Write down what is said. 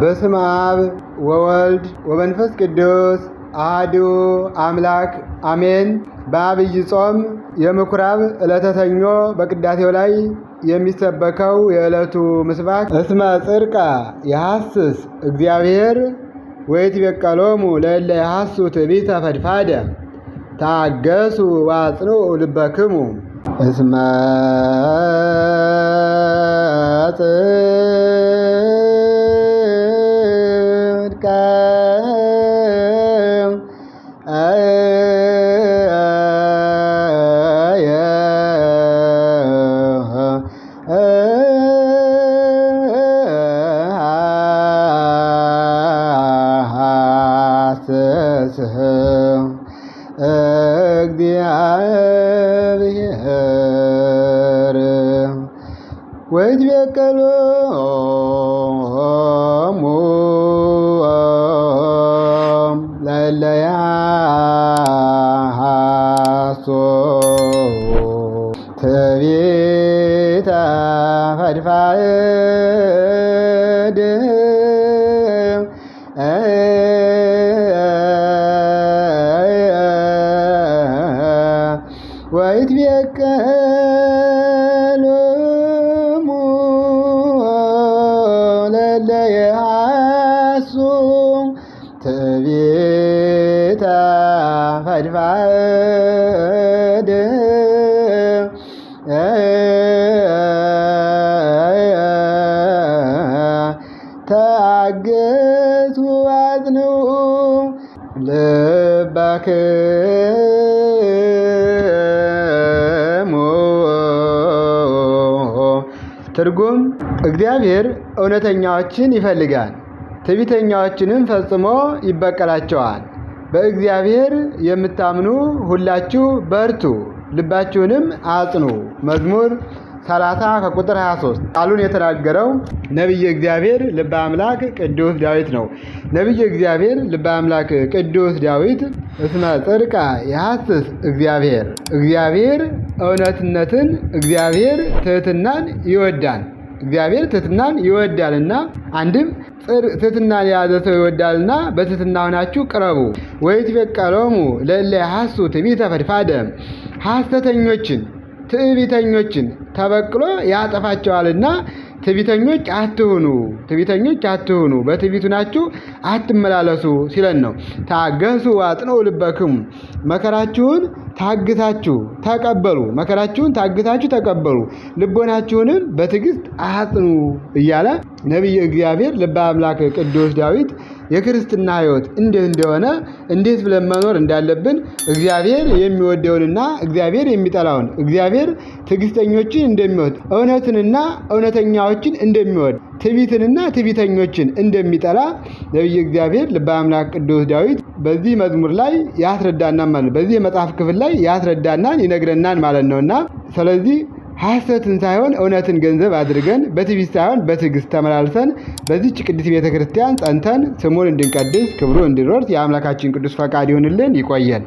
በስም አብ ወወልድ ወመንፈስ ቅዱስ አህዱ አምላክ አሜን። በአብይ ጾም የምኩራብ ዕለተ በቅዳሴው ላይ የሚሰበከው የዕለቱ ምስባክ እስመ ጽርቃ የሐስስ እግዚአብሔር በቀሎሙ ለለ የሐሱ ትዕቢተ ፈድፋደ ታገሱ ዋጽንኡ ልበክሙ እስመ I am. are calling. መለያ ሀሶ ትቢተ ፈድፋድ ወይት ፈድፋድ ትርጉም እግዚአብሔር እውነተኛዎችን ይፈልጋል፣ ትዕቢተኛዎችንም ፈጽሞ ይበቀላቸዋል። በእግዚአብሔር የምታምኑ ሁላችሁ በርቱ፣ ልባችሁንም አጽኑ። መዝሙር 30 ከቁጥር 23 ቃሉን የተናገረው ነቢየ እግዚአብሔር ልበ አምላክ ቅዱስ ዳዊት ነው። ነቢየ እግዚአብሔር ልበ አምላክ ቅዱስ ዳዊት እስመ ጽድቃ የሐስስ እግዚአብሔር እግዚአብሔር እውነትነትን፣ እግዚአብሔር ትህትናን ይወዳል። እግዚአብሔር ትህትናን ይወዳልና አንድም ትህትናን የያዘ ሰው ይወዳልና በትህትና ሆናችሁ ቅረቡ። ወይትቤቀሎሙ ለእለ ሐሱ ትዕቢተ ፈድፋደ ሐሰተኞችን ትዕቢተኞችን ተበቅሎ ያጠፋቸዋልና ትቢተኞች አትሁኑ፣ ትቢተኞች አትሁኑ፣ በትቢቱ ናችሁ አትመላለሱ ሲለን ነው። ታገሱ አጥነው ልበክሙ መከራችሁን ታግታችሁ ተቀበሉ፣ መከራችሁን ታግታችሁ ተቀበሉ፣ ልቦናችሁንም በትዕግስት አጽኑ እያለ ነቢይ እግዚአብሔር ልበ አምላክ ቅዱስ ዳዊት የክርስትና ህይወት እንዴት እንደሆነ እንዴት ብለን መኖር እንዳለብን እግዚአብሔር የሚወደውንና እግዚአብሔር የሚጠላውን እግዚአብሔር ትዕግስተኞችን እንደሚወድ እውነትንና እውነተኛዎችን እንደሚወድ ትቢትንና ትቢተኞችን እንደሚጠላ ነቢይ እግዚአብሔር ልበ አምላክ ቅዱስ ዳዊት በዚህ መዝሙር ላይ ያስረዳና ማለት በዚህ የመጽሐፍ ክፍል ላይ ያስረዳናን ይነግረናል ማለት ነውና ስለዚህ ሐሰትን ሳይሆን እውነትን ገንዘብ አድርገን በትዕቢት ሳይሆን በትዕግስት ተመላልሰን በዚች ቅድስት ቤተ ክርስቲያን ጸንተን ስሙን እንድንቀድስ ክብሩ እንዲኖር የአምላካችን ቅዱስ ፈቃድ ይሆንልን። ይቆየን።